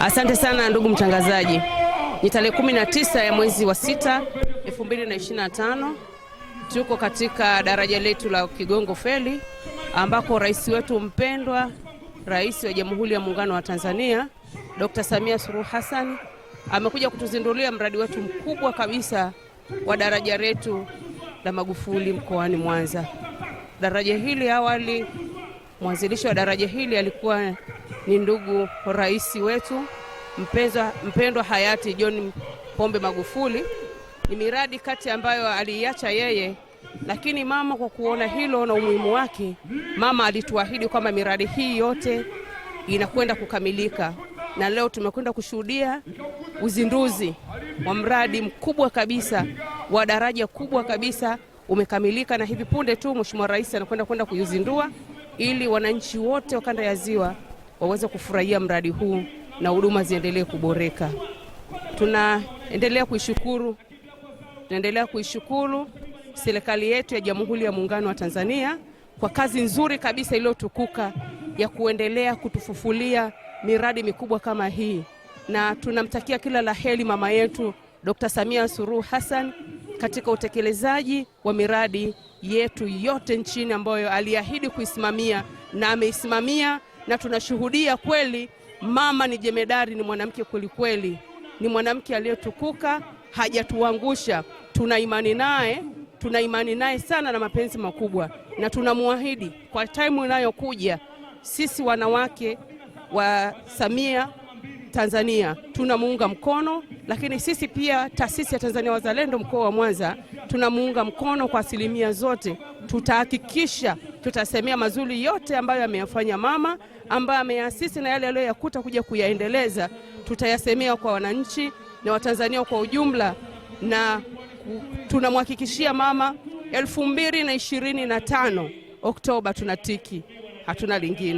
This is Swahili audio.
Asante sana ndugu mtangazaji. Ni tarehe tisa ya mwezi wa sita tano tuko katika daraja letu la Kigongo Feri ambako rais wetu mpendwa, rais wa Jamhuri ya Muungano wa Tanzania Dr. Samia Suluhu Hassan amekuja kutuzindulia mradi wetu mkubwa kabisa wa daraja letu la Magufuli mkoani Mwanza. Daraja hili awali Mwanzilishi wa daraja hili alikuwa ni ndugu rais wetu mpendwa, mpendwa hayati John Pombe Magufuli. Ni miradi kati ambayo aliiacha yeye, lakini mama kwa kuona hilo na umuhimu wake, mama alituahidi kwamba miradi hii yote inakwenda kukamilika, na leo tumekwenda kushuhudia uzinduzi wa mradi mkubwa kabisa wa daraja kubwa kabisa umekamilika, na hivi punde tu Mheshimiwa Rais anakwenda kwenda kuizindua ili wananchi wote wa kanda ya ziwa waweze kufurahia mradi huu na huduma ziendelee kuboreka. Tunaendelea kuishukuru, tunaendelea kuishukuru serikali yetu ya Jamhuri ya Muungano wa Tanzania kwa kazi nzuri kabisa iliyotukuka ya kuendelea kutufufulia miradi mikubwa kama hii, na tunamtakia kila la heri mama yetu Dr. Samia Suluhu Hassan katika utekelezaji wa miradi yetu yote nchini ambayo aliahidi kuisimamia na ameisimamia, na tunashuhudia kweli, mama ni jemedari, ni mwanamke kweli kweli, ni mwanamke aliyetukuka, hajatuangusha. Tuna imani naye, tuna imani naye sana na mapenzi makubwa, na tunamwahidi kwa taimu inayokuja, sisi wanawake wa Samia Tanzania tunamuunga mkono, lakini sisi pia taasisi ya Tanzania Wazalendo mkoa wa Mwanza tunamuunga mkono kwa asilimia zote. Tutahakikisha tutasemea mazuri yote ambayo ameyafanya mama, ambayo ameyaasisi na yale aliyoyakuta kuja kuyaendeleza, tutayasemea kwa wananchi na Watanzania kwa ujumla, na tunamhakikishia mama elfu mbili na ishirini na tano Oktoba tunatiki, hatuna lingine.